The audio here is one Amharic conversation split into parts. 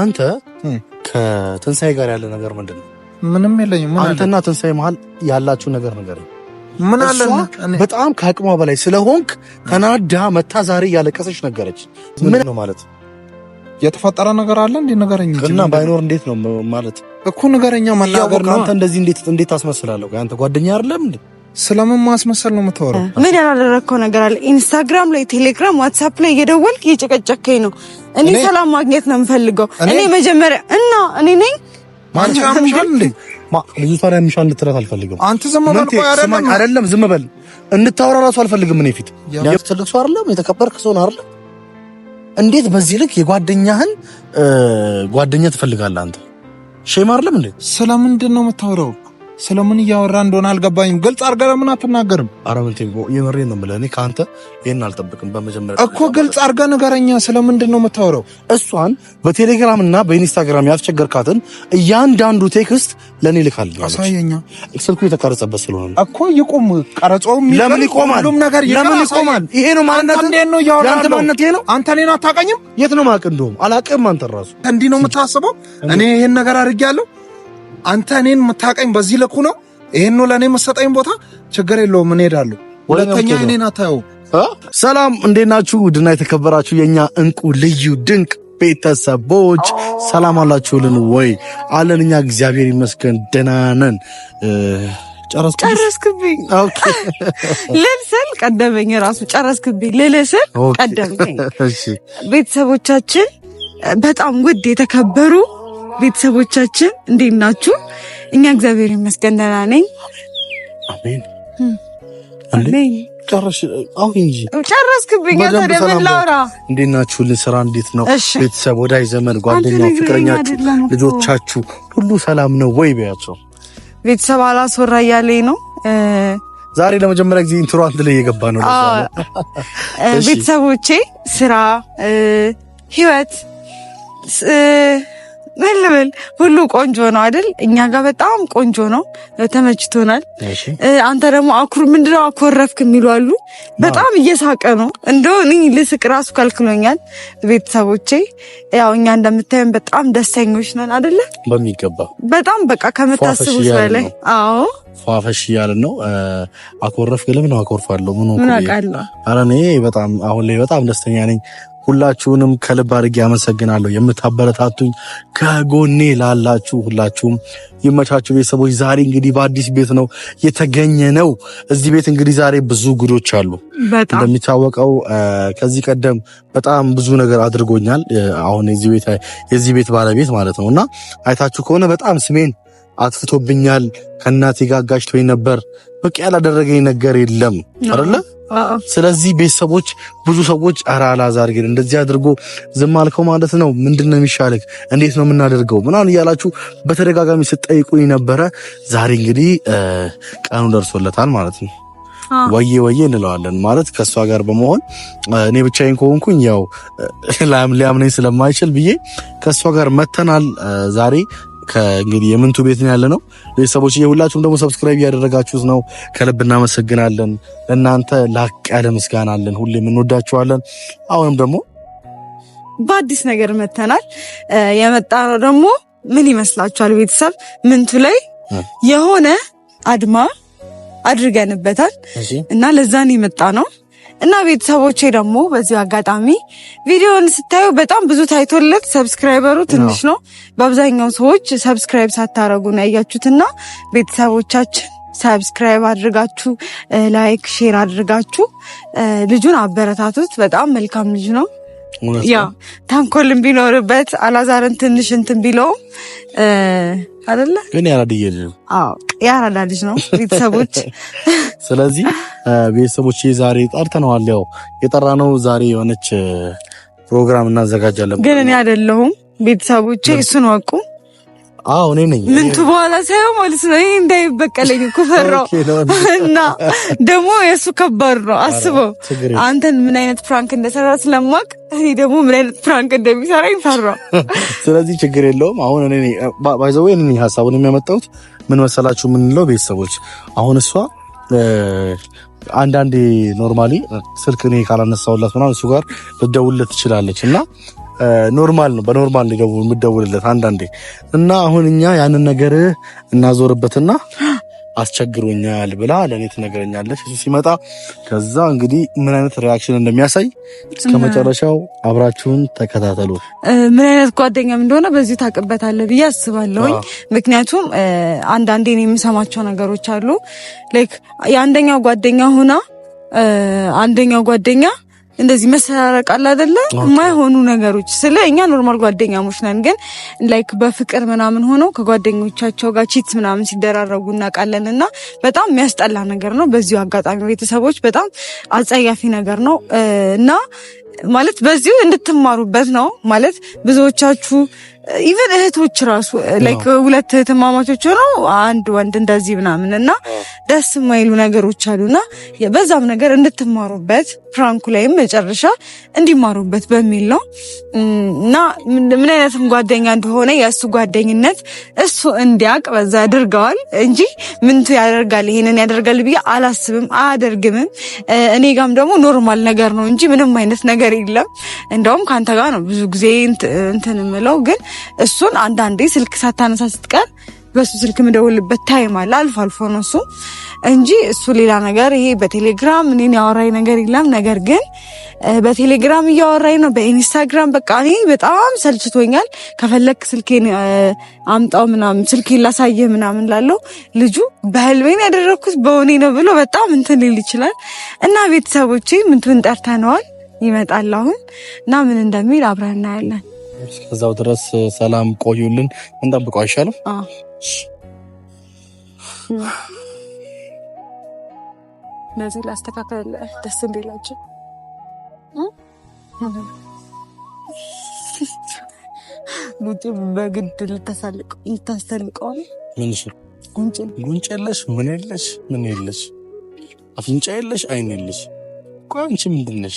አንተ ከትንሳኤ ጋር ያለ ነገር ምንድን ነው? ምንም የለኝም። አንተና ትንሳኤ መሀል ያላችሁ ነገር ነገር ነው። ምን አለ በጣም ከአቅሟ በላይ ስለሆንክ ተናዳ መታ ዛሬ እያለቀሰች ነገረች። ምን ነው ማለት የተፈጠረ ነገር አለ እንዴ? ንገረኝ እና ባይኖር እንዴት ነው ማለት እኮ ንገረኛ። መናገር ነው አንተ እንደዚህ እንዴት እንዴት ታስመስላለህ? አንተ ጓደኛ አይደለም እንዴ? ስለምን ማስመሰል ነው የምታወራው? ምን ያላደረግከው ነገር አለ? ኢንስታግራም ላይ፣ ቴሌግራም፣ ዋትሳፕ ላይ እየደወልክ እየጨቀጨከኝ ነው። እኔ ሰላም ማግኘት ነው የምፈልገው። እኔ መጀመሪያ እና እኔ ነኝ ማንቺ አምሻል እንዴ ልጅቷን ያምሻል እንድትላት አልፈልግም። አንተ ዝም በል። ቆይ አይደለም አይደለም፣ ዝም በል። እንድታወራ ራሱ አልፈልግም። እኔ ፊት ትልቅ ሰው አይደለም፣ የተከበርክ ሰው ነው አይደለም። እንዴት በዚህ ልክ የጓደኛህን ጓደኛ ትፈልጋለህ አንተ? ሼም አይደለም እንዴ? ስለምንድን ነው የምታወራው? ስለምን እያወራ እንደሆነ አልገባኝም። ግልጽ አርገ ለምን አትናገርም? አረብልቴ የምሬ ነው ምለ እኔ ከአንተ ይህን አልጠብቅም። በመጀመሪያ እኮ ግልጽ አርገ ንገረኛ። ስለምንድን ነው የምታወረው? እሷን በቴሌግራም እና በኢንስታግራም ያስቸገርካትን እያንዳንዱ ቴክስት ለእኔ ልካል። አሳየኛ። ስልኩ የተቀረጸበት ስለሆነ እኮ ይቁም። ቀረጾም ለምን ይቆማል? ሁሉም ነገር ለምን ይቆማል? ይሄ ነው ማንነት። ነው እያወራ ያንተ ማንነት ይሄ ነው። አንተ እኔን አታቀኝም። የት ነው ማቅ? እንደውም አላቅም። አንተ ራሱ እንዲህ ነው የምታስበው። እኔ ይሄን ነገር አድርጌያለሁ አንተ እኔን የምታውቀኝ በዚህ ልኩ ነው። ይሄን ነው ለእኔ የምትሰጠኝ ቦታ። ችግር የለውም እንሄዳለሁ። ሁለተኛ እኔን አታየውም። ሰላም እንዴት ናችሁ? ውድና የተከበራችሁ የእኛ እንቁ ልዩ ድንቅ ቤተሰቦች ሰላም አላችሁልን ወይ? አለን እኛ እግዚአብሔር ይመስገን ደህና ነን። ጨረስክብኝ ቀደመኝ። ራሱ ጨረስክብኝ ልልስል ቀደመኝ። ቤተሰቦቻችን በጣም ውድ የተከበሩ ቤተሰቦቻችን እንዴት ናችሁ? እኛ እግዚአብሔር ይመስገን ደህና ነኝ። አሜን አሜን። ጨረሽ አሁን እንጂ ጨረስክብኝ። ተደምላውራ እንዴት ናችሁ? ስራ እንዴት ነው? ቤተሰብ፣ ወዳጅ፣ ዘመድ፣ ጓደኛ፣ ፍቅረኛችሁ፣ ልጆቻችሁ ሁሉ ሰላም ነው ወይ በያቸው። ቤተሰብ አላስወራ እያለኝ ነው። ዛሬ ለመጀመሪያ ጊዜ ኢንትሮ አንድ ላይ የገባ ነው። ቤተሰቦቼ፣ ስራ፣ ህይወት ምን ልበል ሁሉ ቆንጆ ነው አይደል? እኛ ጋር በጣም ቆንጆ ነው፣ ተመችቶናል። አንተ ደግሞ አኩር ምንድነው አኮረፍክ የሚሉ አሉ። በጣም እየሳቀ ነው እንደ ልስቅ ራሱ ከልክሎኛል። ቤተሰቦቼ ያው እኛ እንደምታየን በጣም ደስተኞች ነን አይደለ? በሚገባ በጣም በቃ ከምታስቡት በላይ አዎ፣ ፏፈሽ እያልን ነው። አኮረፍ አኮረፍክ ለምን አኮርፋለሁ? ምን አውቃለሁ። ኧረ እኔ በጣም አሁን ላይ በጣም ደስተኛ ነኝ። ሁላችሁንም ከልብ አድርጌ አመሰግናለሁ። የምታበረታቱኝ ከጎኔ ላላችሁ ሁላችሁም ይመቻችሁ። ቤተሰቦች ዛሬ እንግዲህ በአዲስ ቤት ነው የተገኘ ነው። እዚህ ቤት እንግዲህ ዛሬ ብዙ ጉዶች አሉ። እንደሚታወቀው ከዚህ ቀደም በጣም ብዙ ነገር አድርጎኛል። አሁን የዚህ ቤት ባለቤት ማለት ነው እና አይታችሁ ከሆነ በጣም ስሜን አጥፍቶብኛል፣ ከእናቴ ጋር አጋጭቶኝ ነበር፣ በቃ ያላደረገኝ ነገር የለም አይደለ? ስለዚህ ቤተሰቦች ብዙ ሰዎች ኧረ አላዛር ግን እንደዚህ አድርጎ ዝም አልከው ማለት ነው፣ ምንድን ነው የሚሻልህ፣ እንዴት ነው የምናደርገው ምናምን እያላችሁ በተደጋጋሚ ስጠይቁኝ ነበረ። ዛሬ እንግዲህ ቀኑ ደርሶለታል ማለት ነው። ወዬ ወዬ እንለዋለን ማለት ከእሷ ጋር በመሆን እኔ ብቻዬን ከሆንኩኝ ያው ሊያምነኝ ስለማይችል ብዬ ከእሷ ጋር መተናል ዛሬ ከእንግዲህ የምንቱ ቤት ነው ያለ ነው። ቤተሰቦች ሁላችሁም ደግሞ ሰብስክራይብ እያደረጋችሁት ነው፣ ከልብ እናመሰግናለን። እናንተ ላቅ ያለ ምስጋና አለን። ሁሌም እንወዳችኋለን። አሁንም ደግሞ በአዲስ ነገር መተናል። የመጣ ነው ደግሞ ምን ይመስላችኋል? ቤተሰብ ምንቱ ላይ የሆነ አድማ አድርገንበታል እና ለዛን የመጣ ነው እና ቤተሰቦቼ ደግሞ በዚህ አጋጣሚ ቪዲዮን ስታዩ በጣም ብዙ ታይቶለት ሰብስክራይበሩ ትንሽ ነው። በአብዛኛው ሰዎች ሰብስክራይብ ሳታረጉ ነው ያያችሁትና ቤተሰቦቻችን ሰብስክራይብ አድርጋችሁ ላይክ፣ ሼር አድርጋችሁ ልጁን አበረታቱት። በጣም መልካም ልጅ ነው። ያው ቢኖርበት አላዛርን ትንሽ እንትን ቢለውም አይደለ ግን ያራድየ ልጅ ነው። ያራዳ ልጅ ነው ቤተሰቦች። ስለዚህ ቤተሰቦች ዛሬ ጠርተነዋል። ያው ነው ዛሬ የሆነች ፕሮግራም እናዘጋጃለን፣ ግን እኔ አይደለሁም ቤተሰቦቼ እሱን ወቁ አዎ እኔ ነኝ። ልንቱ በኋላ ሳይሆን ማለት ነው። ይሄ እንዳይበቀለኝ እኮ ፈራሁ። እና ደግሞ የእሱ ከባድ ነው። አስበው አንተን ምን አይነት ፕራንክ እንደሰራ ስለማቅ እኔ ደግሞ ምን አይነት ፕራንክ እንደሚሰራኝ ፈራሁ። ስለዚህ ችግር የለውም። አሁን እኔ ባይዘው እኔ ሀሳቡን የሚያመጣሁት ምን መሰላችሁ? የምንለው ቤተሰቦች አሁን እሷ አንዳንዴ ኖርማሊ ስልክ እኔ ካላነሳሁላት ምናምን እሱ ጋር ልደውልለት ትችላለች እና ኖርማል ነው። በኖርማል ነው የምደውልለት አንዳንዴ እና አሁን እኛ ያንን ነገር እናዞርበትና አስቸግሮኛል ብላ ለእኔ ትነግረኛለች። እሱ ሲመጣ ከዛ እንግዲህ ምን አይነት ሪያክሽን እንደሚያሳይ እስከ መጨረሻው አብራችሁን ተከታተሉ። ምን አይነት ጓደኛም እንደሆነ በዚሁ ታውቅበታለህ ብዬ አስባለሁኝ። ምክንያቱም አንዳንዴ የምሰማቸው ነገሮች አሉ ላይክ የአንደኛው ጓደኛ ሆና አንደኛው ጓደኛ እንደዚህ መሰራረቅ አለ አይደለ? የማይሆኑ ነገሮች ስለ እኛ ኖርማል ጓደኛሞች ነን፣ ግን ላይክ በፍቅር ምናምን ሆነው ከጓደኞቻቸው ጋር ቺት ምናምን ሲደራረጉ እናውቃለን። እና በጣም የሚያስጠላ ነገር ነው። በዚሁ አጋጣሚ ቤተሰቦች፣ በጣም አጸያፊ ነገር ነው እና ማለት በዚሁ እንድትማሩበት ነው። ማለት ብዙዎቻችሁ ኢቨን እህቶች ራሱ ላይክ ሁለት እህትማማቾች ሆነው አንድ ወንድ እንደዚህ ምናምን እና ደስ የማይሉ ነገሮች አሉና በዛም ነገር እንድትማሩበት ፍራንኩ ላይም መጨረሻ እንዲማሩበት በሚል ነው እና ምን አይነትም ጓደኛ እንደሆነ የእሱ ጓደኝነት እሱ እንዲያቅ በዛ ያደርገዋል እንጂ ምንቱ ያደርጋል ይሄንን ያደርጋል ብዬ አላስብም፣ አያደርግምም። እኔ ጋም ደግሞ ኖርማል ነገር ነው እንጂ ምንም አይነት ነገር ነገር የለም። እንደውም ከአንተ ጋር ነው ብዙ ጊዜ እንትን ምለው፣ ግን እሱን አንዳንዴ ስልክ ሳታነሳ ስትቀር በሱ ስልክ ምደውልበት ታይም አለ። አልፎ አልፎ ነው እሱ እንጂ እሱ ሌላ ነገር ይሄ በቴሌግራም እኔን ያወራኝ ነገር የለም። ነገር ግን በቴሌግራም እያወራኝ ነው፣ በኢንስታግራም በቃ እኔ በጣም ሰልችቶኛል። ከፈለክ ስልኬን አምጣው ምናምን ስልኬን ላሳየ ምናምን ላለው ልጁ በህልሜን ያደረግኩት በሆኔ ነው ብሎ በጣም እንትን ሊል ይችላል እና ቤተሰቦቼ ምንትን ጠርተነዋል ይመጣል አሁን እና ምን እንደሚል አብረን እናያለን። እስከዛው ድረስ ሰላም ቆዩልን። እንጠብቀው አይሻልም? እነዚህ ላስተካከል ደስ እንዲላቸው ጉንጭ በግድ ልታሳልቀው ልታስተልቀው ምን ጉንጭ የለሽ ምን የለሽ ምን የለሽ አፍንጫ የለሽ አይን የለሽ። ቆይ አንቺ ምንድን ነሽ?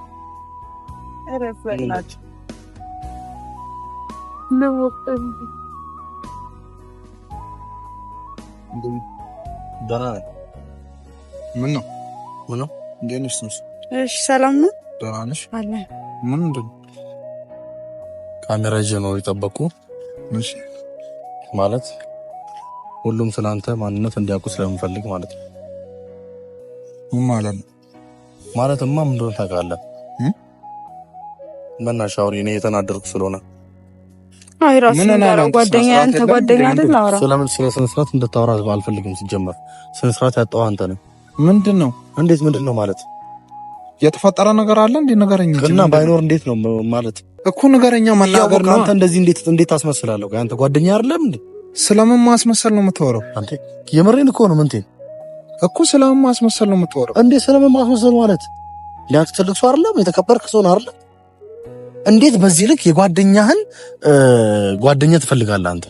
ረፈላቸው ምን ካሜራ ይዤ ነው የጠበቅኩ። ማለት ሁሉም ስለአንተ ማንነት እንዲያውቁ ስለምፈልግ ማለት ነው። ምን ማለት ነው? ማለትማ ምን እንደሆነ ታውቃለህ መናሽ እኔ የተናደርኩ ስለሆነ አይ ራስ ጓደኛ አንተ ጓደኛ አይደል? አውራ ስለምን ስለ ስነ ስርዓት እንድታወራ አልፈልግም። ሲጀመር ስነ ያጣው አንተ ነህ። ምንድን ነው? እንዴት ምንድን ነው ማለት የተፈጠረ ነገር አለ እንዴ? ንገረኝ እና ባይኖር እንዴት ነው ማለት እኮ ንገረኛ። መናገር ነው አንተ እንደዚህ እንዴት እንዴት አስመስላለሁ? አንተ ጓደኛ አይደለም እንዴ? ስለምን ማስመሰል ነው የምትወረው? አንተ የምሬን እኮ ነው። ምንቴ እኮ ስለምን ማስመሰል ነው የምትወረው እንዴ? ስለምን ማስመሰል ማለት ሊያንተ ትልቅ ሰው አይደለም? የተከበርክ ሰው አይደለም? እንዴት በዚህ ልክ የጓደኛህን ጓደኛ ትፈልጋለህ? አንተ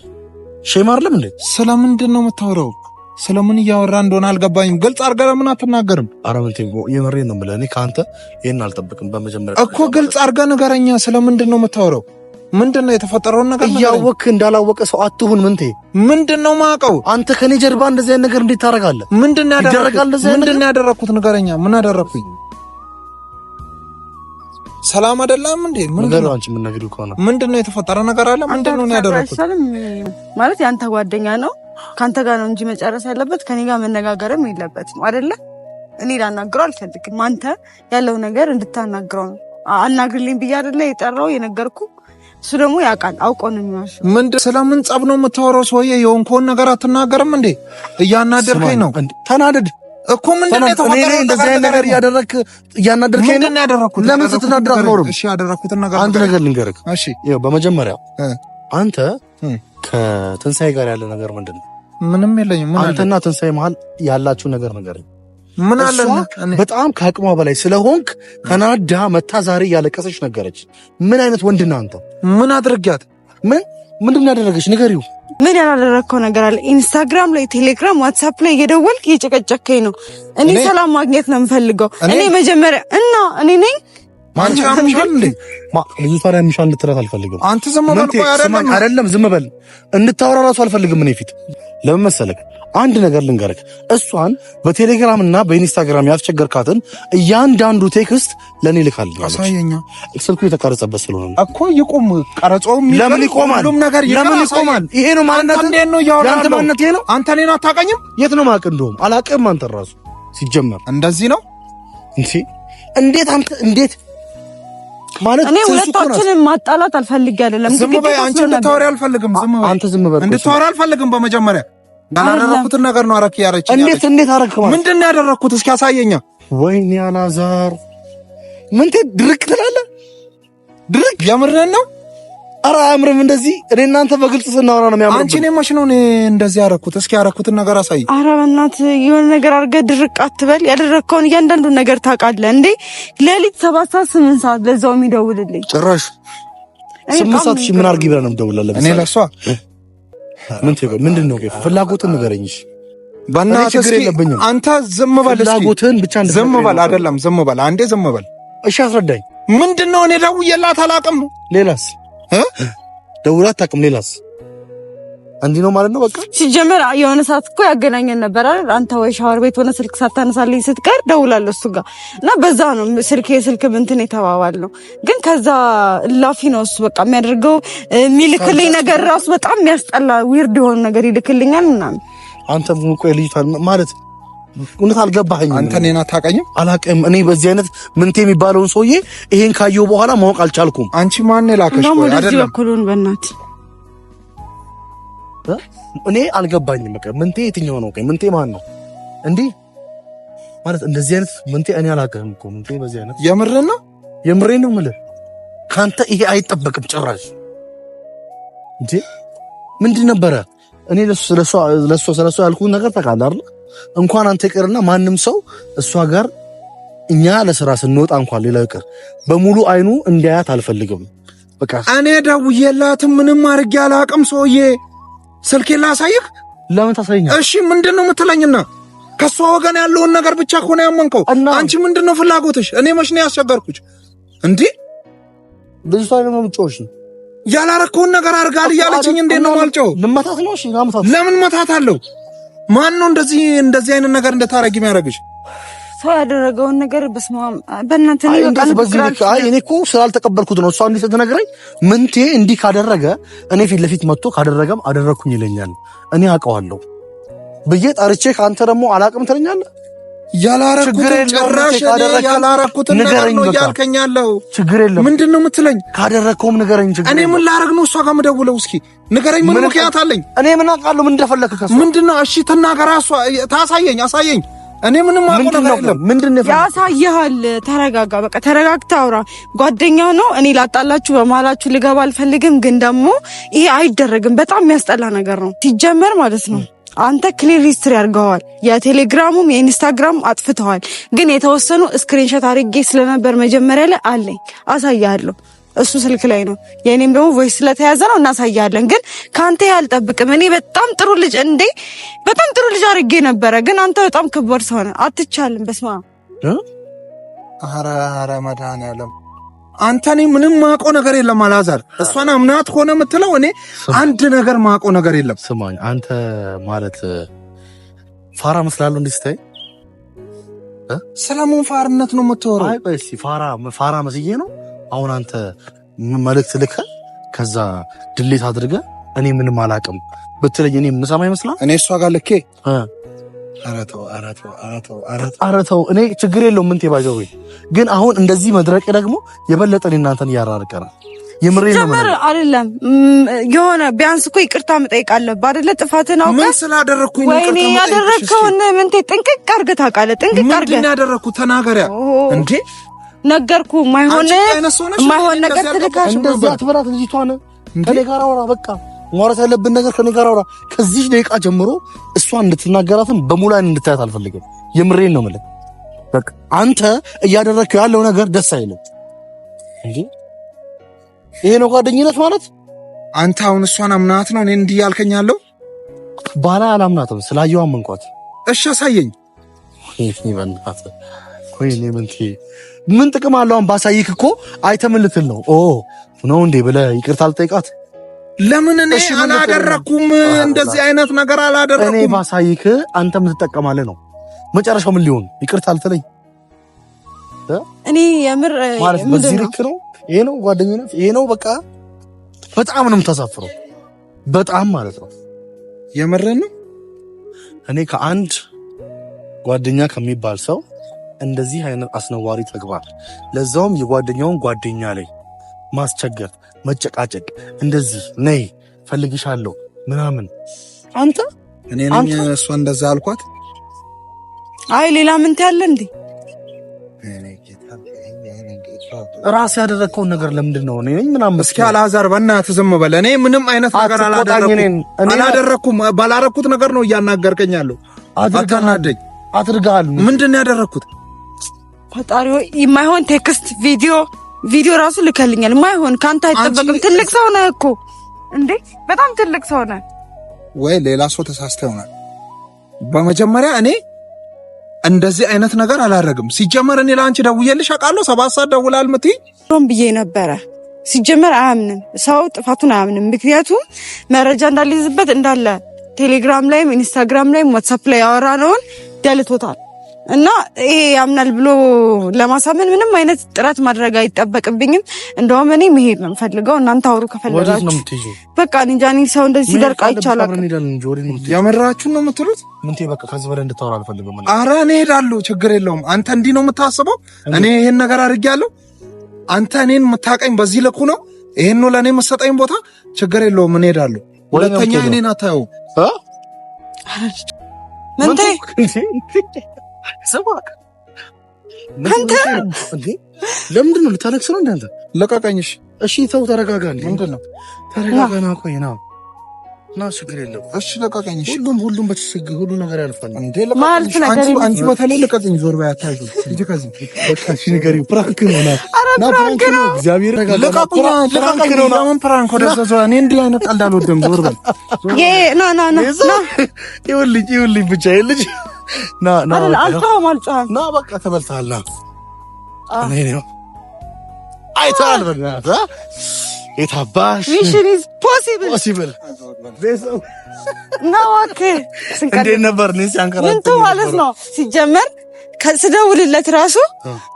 ሼም አይደለም እንዴ? ስለምንድን ነው የምታወራው? ስለምን እያወራ እንደሆነ አልገባኝም። ግልጽ አድርገህ ለምን አትናገርም? አረምቴ የምሬን ነው የምልህ። እኔ ከአንተ ይሄን አልጠብቅም። በመጀመሪያ እኮ ግልጽ አድርገህ ንገረኛ። ስለምንድን ነው የምታወራው? ምንድን ነው የተፈጠረውን ነገር እያወቅህ እንዳላወቀ ሰው አትሁን። ምንቴ ምንድን ነው ማውቀው? አንተ ከኔ ጀርባ እንደዚህ አይነት ነገር እንዴት ታደርጋለህ? ምንድን ነው ያደረግኩት? ንገረኛ። ምን አደረግኩኝ? ሰላም አይደለም እንዴ? ምንድን ነው አንቺ ነው ምንድን የተፈጠረ ነገር አለ? ምንድን ነው ያደረኩት? ማለት ያንተ ጓደኛ ነው ከአንተ ጋር ነው እንጂ መጨረስ ያለበት ከኔ ጋር መነጋገርም የለበትም አይደለ? እኔ ላናግረው አልፈልግም። አንተ ያለው ነገር እንድታናግረው ነው። አናግርልኝ ብዬ አይደለ የጠራው የነገርኩ እሱ ደግሞ ያውቃል። አውቆ ነው የሚዋሽ። ምንድን ስለምን ጸብ ነው የምታወራው? ሰውዬ የሆንከውን ነገር አትናገርም እንዴ? እያናደርከኝ ነው። ተናደድ እኮ ምንድነው የተፈጠረው? ነገር አንድ ነገር ልንገርህ። እሺ ይኸው በመጀመሪያ አንተ ከትንሣኤ ጋር ያለ ነገር ምንድነው? ምንም የለኝም። አንተና መሀል ያላችሁ ነገር ንገረኝ። ምን አለ በጣም ከአቅሟ በላይ ስለሆንክ ተናዳ መታ ዛሬ እያለቀሰች ነገረች። ምን አይነት ወንድና አንተ ምን አድርጊያት? ምን ያደረገች? ንገሪው ምን ያላደረግከው ነገር አለ? ኢንስታግራም ላይ፣ ቴሌግራም፣ ዋትሳፕ ላይ እየደወልክ እየጨቀጨከኝ ነው። እኔ ሰላም ማግኘት ነው የምፈልገው። እኔ መጀመሪያ እና እኔ ነኝ ማንቻ ምሻል እንዴ ማ ልጅቷ እንድትላት አልፈልግም። አንተ ዝም በል አይደለም ዝም በል እንድታወራ ራሱ አልፈልግም። እኔ ፊት ለምን መሰለክ፣ አንድ ነገር ልንገርክ፣ እሷን በቴሌግራም እና በኢንስታግራም ያስቸገርካትን እያንዳንዱ ቴክስት ለኔ ልካልኝ። አሳየኛ ስልኩ የተቀረጸበት ስለሆነ እኮ ይቆም፣ ቀረጾም ለምን ይቆማል? ነገር ለምን ይቆማል? ይሄ ነው ማንነት። ነው ያንተ ማንነት? ይሄ ነው አንተ እኔን አታውቀኝም። የት ነው ማቅ? እንደውም አላውቅም። አንተ ራሱ ሲጀመር እንደዚህ ነው እንዴ? እንዴት አንተ እንዴት ማለት እኔ ሁለታችንን ማጣላት አልፈልግ አይደለም። ዝም በይ አንቺ እንድታወሪ አልፈልግም። ዝም በይ አንተ ዝም እንድታወሪ አልፈልግም። በመጀመሪያ ያላደረኩትን ነገር ነው አረክ እንዴት እንዴት አረክ ማለት ምንድን ነው ያደረኩት? እስኪ አሳየኛ። ወይኔ አላዛር ምን ድርቅ ትላለህ? ድርቅ የምርህን ነው አረ አያምርም። እንደዚህ እኔ እናንተ በግልጽ ስናወራ ነው የሚያምር። አንቺ ነሽ ነው እንደዚህ ያረኩት። እስኪ ያረኩትን ነገር አሳይ። አረ በእናትህ የሆነ ነገር አድርገህ ድርቅ አትበል። ያደረግከውን እያንዳንዱን ነገር ታውቃለህ እንዴ? ሌሊት ሰባት ሰዓት ስምንት ሰዓት ለዛው የሚደውልልኝ ጭራሽ ስምንት ሰዓት። እሺ ምን አድርጊ ብለህ ነው የምደውልልህ? እኔ ለእሷ ምን ትበል? ምንድን ነው ፍላጎትን ንገረኝ። እሺ በእናትህ እስኪ አንተ ዝም በል። ፍላጎትን ብቻ ዝም በል። አይደለም ዝም በል አንዴ፣ ዝም በል እሺ። አስረዳኝ። ምንድን ነው እኔ ደውዬላት አላውቅም። ሌላስ ደውላ አታውቅም። ሌላስ እንዲህ ነው ማለት ነው። በቃ ሲጀመር የሆነ ሰዓት እኮ ያገናኘን ነበር አይደል? አንተ ወይ ሻወር ቤት ሆነ ስልክ ሳታነሳልኝ ስትቀር ደውላለሁ እሱ ጋር እና በዛ ነው ስልክ የስልክ ምንትን የተባባል ነው። ግን ከዛ ላፊ ነው እሱ በቃ የሚያደርገው የሚልክልኝ ነገር ራሱ በጣም የሚያስጠላ ዊርድ የሆነ ነገር ይልክልኛል ምናምን። አንተ ሙቆ ልጅቷን ማለት ነው እውነት አልገባኸኝም። አንተ እኔን አታውቅኝም? አላውቅም። እኔ በዚህ አይነት ምንቴ የሚባለውን ሰውዬ ይሄን ካየሁ በኋላ ማወቅ አልቻልኩም። አንቺ ማን ላከሽ? በእናት እኔ አልገባኝም። በቃ ምንቴ የትኛው ነው? ምንቴ ማን ነው? እንዲህ ማለት እንደዚህ አይነት ምንቴ እኔ አላውቅም እኮ ምንቴ። በዚህ አይነት የምሬን ነው የምሬን ነው የምልህ ከአንተ ይሄ አይጠበቅም ጭራሽ። እንዴ ምንድን ነበረ? እኔ ለሱ ለሱ ስለሱ ያልኩህን ነገር ታውቃለህ አይደል? እንኳን አንተ ይቅርና ማንም ሰው እሷ ጋር እኛ ለስራ ስንወጣ እንኳን ሌላ ይቅር በሙሉ አይኑ እንዲያያት አልፈልግም። በቃ እኔ ደውዬላትም ምንም አድርጌ አላቅም። ሰውዬ ስልኬ ላሳይህ። ለምን ታሳይኛል? እሺ ምንድን ነው የምትለኝና ከእሷ ወገን ያለውን ነገር ብቻ ከሆነ ያመንከው አንቺ ምንድን ነው ፍላጎትሽ? እኔ መች ነው ያስቸገርኩች? እንዲህ ልጅቷ ደግሞ ምጮሽ ያላረከውን ነገር አድርጋል እያለችኝ እንዴት ነው ማልጨው? ልመታት ነው? ለምን መታት አለው ማን ነው እንደዚህ እንደዚህ አይነት ነገር እንደታረግ የሚያደርግሽ? ሰው ያደረገውን ነገር በስማ በእናንተ ነው በዚህ ልክ አይ እኔ እኮ ስላልተቀበልኩት ነው እሷ እንዲህ ስትነግረኝ፣ ምንቴ እንዲህ ካደረገ እኔ ፊት ለፊት መጥቶ ካደረገም አደረግኩኝ ይለኛል። እኔ አውቀዋለሁ ብዬ ጠርቼ ከአንተ ደግሞ አላቅም ትለኛለህ ያላረኩትን ጭራሽ ያላረኩትን ነገር ነው እያልከኝ ያለው። ችግር የለም ምንድን ነው የምትለኝ? ካደረግከውም ንገረኝ። ችግር እኔ ምን ላረግ ነው እሷ ጋር እስኪ ንገረኝ። ምን ምክንያት አለኝ? እኔ ምን አውቃለሁ? ምን ከእሷ ምንድን ነው? እሺ እሷ ታሳየኝ፣ አሳየኝ። እኔ ምንም ምንድን ተረጋጋ፣ በቃ አውራ። ጓደኛ ነው። እኔ ላጣላችሁ በመሀላችሁ ልገባ አልፈልግም፣ ግን ደግሞ ይሄ አይደረግም። በጣም የሚያስጠላ ነገር ነው ሲጀመር ማለት ነው። አንተ ክሊር ሂስትሪ አድርገዋል። የቴሌግራሙም የኢንስታግራም አጥፍተዋል። ግን የተወሰኑ ስክሪንሾት አድርጌ ስለነበር መጀመሪያ ላይ አለኝ፣ አሳያለሁ። እሱ ስልክ ላይ ነው፣ የእኔም ደግሞ ቮይስ ስለተያዘ ነው። እናሳያለን። ግን ከአንተ አልጠብቅም። እኔ በጣም ጥሩ ልጅ እንዴ፣ በጣም ጥሩ ልጅ አድርጌ ነበረ። ግን አንተ በጣም ክበር ሰው ነህ። አትቻልም። በስመ አብ ኧረ ኧረ መድኃኒዓለም አንተ እኔ ምንም ማቆ ነገር የለም አላዛር። እሷን አምናት ሆነ የምትለው እኔ አንድ ነገር ማቆ ነገር የለም። ስማኝ አንተ ማለት ፋራ መስላለሁ እንዴ ስታይ? ስለምን ፋርነት ነው የምትወረው? አይ በሲ ፋራ ፋራ መስዬ ነው አሁን አንተ መልእክት ልከ ከዛ ድሌት አድርገ እኔ ምንም አላቅም ብትለኝ እኔ የምሰማ ይመስላል እኔ እሷ ጋር ልኬ አረተው እኔ ችግር የለው ምን ወይ ግን አሁን እንደዚህ መድረቅ ደግሞ የበለጠን እናንተን እያራርቀናል። የምሬ ነው ማለት አይደለም። የሆነ ቢያንስ እኮ ይቅርታ መጠየቅ አለብህ አይደለ? ጥፋትን አውቀህ ምን ስላደረግኩኝ ወይኔ ያደረግከውን ምንቴ ጥንቅቅ አድርገህ ታውቃለህ። ጥንቅቅ አድርገህ ምንድን ያደረግኩት ተናገሪያ እንዴ ነገርኩ። ማይሆን ማይሆን ነገር ትልካሽ እንደዚህ አትበላት ልጅቷን ከኔ ጋር አውራ በቃ ማውራት ያለብን ነገር ከኔ ጋር አውራ። ከዚህ ደቂቃ ጀምሮ እሷን እንድትናገራትም በሙላን አይን እንድታያት አልፈልግም። የምሬን ነው ማለት በቃ አንተ እያደረግከው ያለው ነገር ደስ አይልም። እንዴ ይሄ ነው ጓደኝነት ማለት? አንተ አሁን እሷን አምናት ነው እኔ እንዲህ ያልከኝ ያለው? ባላ አላምናትም። ስላየው አመንኳት። እሺ አሳየኝ። ምን ጥቅም አለው አሁን ባሳይክ እኮ አይተምልትል ነው? ኦ ነው እንዴ ብለህ ይቅርታ አልጠይቃት ለምን እኔ አላደረኩም? እንደዚህ አይነት ነገር አላደረኩም። እኔ ባሳይክ አንተ ምን ነው መጨረሻው ምን ሊሆን? ይቅርታ አልተለኝ። እኔ የምር ማለት በዚህ ልክ ነው። ይሄ ነው ጓደኝነት፣ ይሄ ነው በቃ። በጣም ነው የምታሳፍረው፣ በጣም ማለት ነው። የምርን ነው። እኔ ከአንድ ጓደኛ ከሚባል ሰው እንደዚህ አይነት አስነዋሪ ተግባር ለዛውም የጓደኛውን ጓደኛ ላይ ማስቸገር፣ መጨቃጨቅ፣ እንደዚህ ነይ ፈልግሻለሁ ምናምን። አንተ እኔንም እሷ እንደዛ አልኳት። አይ ሌላ ምን ታያለ እንዴ? ራስ ያደረግከውን ነገር ለምንድን ነው እኔ ምናምን? እስኪ አልዓዛር በእናትህ ዝም በል። እኔ ምንም አይነት ነገር አላደረኩም። ባላረኩት ነገር ነው እያናገርከኝ ያለው። አታናደኝ። አድርጋለሁ። ምንድን ነው ያደረኩት? ፈጣሪ የማይሆን ቴክስት ቪዲዮ ቪዲዮ ራሱ ልከልኛል። ማይሆን ከአንተ አይጠበቅም። ትልቅ ሰው ነህ እኮ እንዴ! በጣም ትልቅ ሰው ነህ። ወይ ሌላ ሰው ተሳስተ ይሆናል። በመጀመሪያ እኔ እንደዚህ አይነት ነገር አላደረግም። ሲጀመር እኔ ለአንቺ ደውዬልሽ አውቃለሁ። ሰባት ሰዓት ደውላል ምትይ ሮም ብዬ ነበረ። ሲጀመር አያምንም፣ ሰው ጥፋቱን አያምንም። ምክንያቱም መረጃ እንዳልይዝበት እንዳለ ቴሌግራም ላይም ኢንስታግራም ላይም ዋትሳፕ ላይ ያወራነውን ደልቶታል። እና ይሄ ያምናል ብሎ ለማሳመን ምንም አይነት ጥረት ማድረግ አይጠበቅብኝም። እንደውም እኔ መሄድ ነው የምፈልገው። እናንተ አውሩ ከፈለጋችሁ በቃ እንጃ። እኔ ሰው እንደዚህ ሲደርቅ አይቻልም። ያመራችሁን ነው የምትሉት? ኧረ እኔ እሄዳለሁ፣ ችግር የለውም። አንተ እንዲህ ነው የምታስበው። እኔ ይሄን ነገር አድርጌያለሁ። አንተ እኔን የምታቀኝ በዚህ ልኩ ነው። ይሄን ነው ለእኔ የምትሰጠኝ ቦታ። ችግር የለውም፣ እኔ እሄዳለሁ። ሁለተኛ እኔን አታየውም። ለምንድን ነው ልታለቅስ ነው? እንዳንተ ለቃቃኝሽ እሺ ተው፣ ተረጋጋ። ምንድን ነው ተረጋጋ። ና ቆይ ነው ና ችግር የለም። እሺ ለቀቀኝ። ሁሉም ሁሉም በተሰግ ሁሉ ነገር ያልፋል። እንዴ ማለት ነገር አንቺ ቦታ ላይ ለቀቀኝ። ዞር በይ አታዩም እንጂ ከዚህ በቃ እሺ ነገር ፕራንክ ነው። ና ና ፕራንክ ነው። እግዚአብሔር ለቀቁኝ። ለቀቀኝ ነው። ለምን ፕራንክ ወደ ዘዘ እኔ እንዲህ አይነት ቀልድ አልወደም። ዞር በይ ይሄ ና ና ና ና ይኸውልኝ፣ ይኸውልኝ ብቻ ይኸውልኝ። ና ና አልጫህም፣ አልጫህም። ና በቃ ተበልተሃል። ና አይተሃል በእናትህ የታባሽ ፖሲብል ነው። ኦኬ ነበር? ማለት ነው ሲጀመር ስደውልለት ራሱ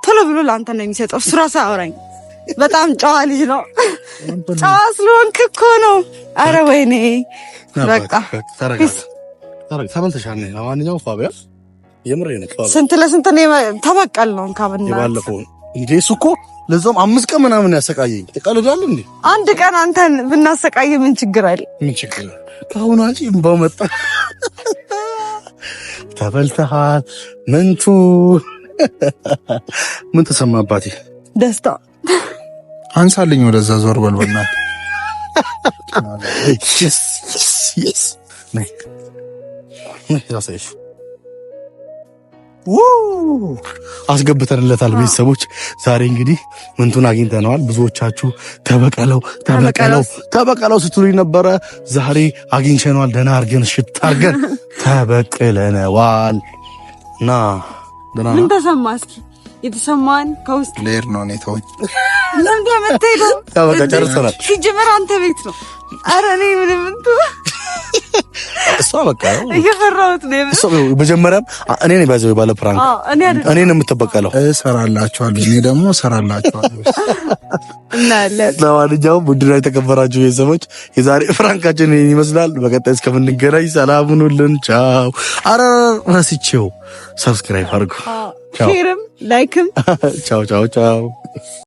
ቶሎ ብሎ ለአንተ ነው የሚሰጠው። እሱ ራሱ አውራኝ በጣም ጨዋ ልጅ ነው። ጨዋ ስለሆንክ እኮ ነው። አረ ወይኔ ተመልተሻል። ለማንኛውም ፋቢያ የምር ስንት ለስንት ተበቀል ነው እንካብና ባለፈው እንዴ እሱ እኮ ለዛም አምስት ቀን ምናምን ያሰቃየኝ ተቀልዷል እንዴ? አንድ ቀን አንተን ብናሰቃየ ምን ችግር አለ? ምን ችግር አለ? ካሁን አንቺ እምባው መጣ። ተበልተሃል ምንቱ ምን ተሰማ አባቴ? ደስታ። አንሳልኝ ወደዛ ዞር በልበና በእናትህ። ይስ ይስ ይስ ነይ ነይ ያሳይሽ አስገብተንለታል። ቤተሰቦች ዛሬ እንግዲህ ምንቱን አግኝተነዋል። ብዙዎቻችሁ ተበቀለው ተበቀለው ተበቀለው ስትሉኝ ነበረ። ዛሬ አግኝቸነዋል። ደህና አርገን ሽት አድርገን ተበቅለነዋል እና ምን ተሰማ እስኪ የተሰማን ከውስጥ ሌር ነው። እኔ ተወኝ። ለምን ተመተሄደ? ጨርሰናል። ሲጀመር አንተ ቤት ነው። ኧረ እኔ ምንም እንትን እሷ በቃ እየፈራሁት ነው። እሷ መጀመሪያም እኔ ነኝ ባዘው ባለ ፕራንክ እኔ ነው የምትበቀለው። እሰራላችኋለሁ፣ እኔ ደግሞ እሰራላችኋለሁ። እና ለማንኛውም ውድና የተከበራችሁ ቤተሰቦች የዛሬ ፍራንካችን ይሄን ይመስላል። በቀጣይ እስከምንገናኝ ሰላም ሁኑልን። ቻው። አረ ረስቼው፣ ሰብስክራይብ አድርጉ። ሼርም ላይክም። ቻው ቻው ቻው።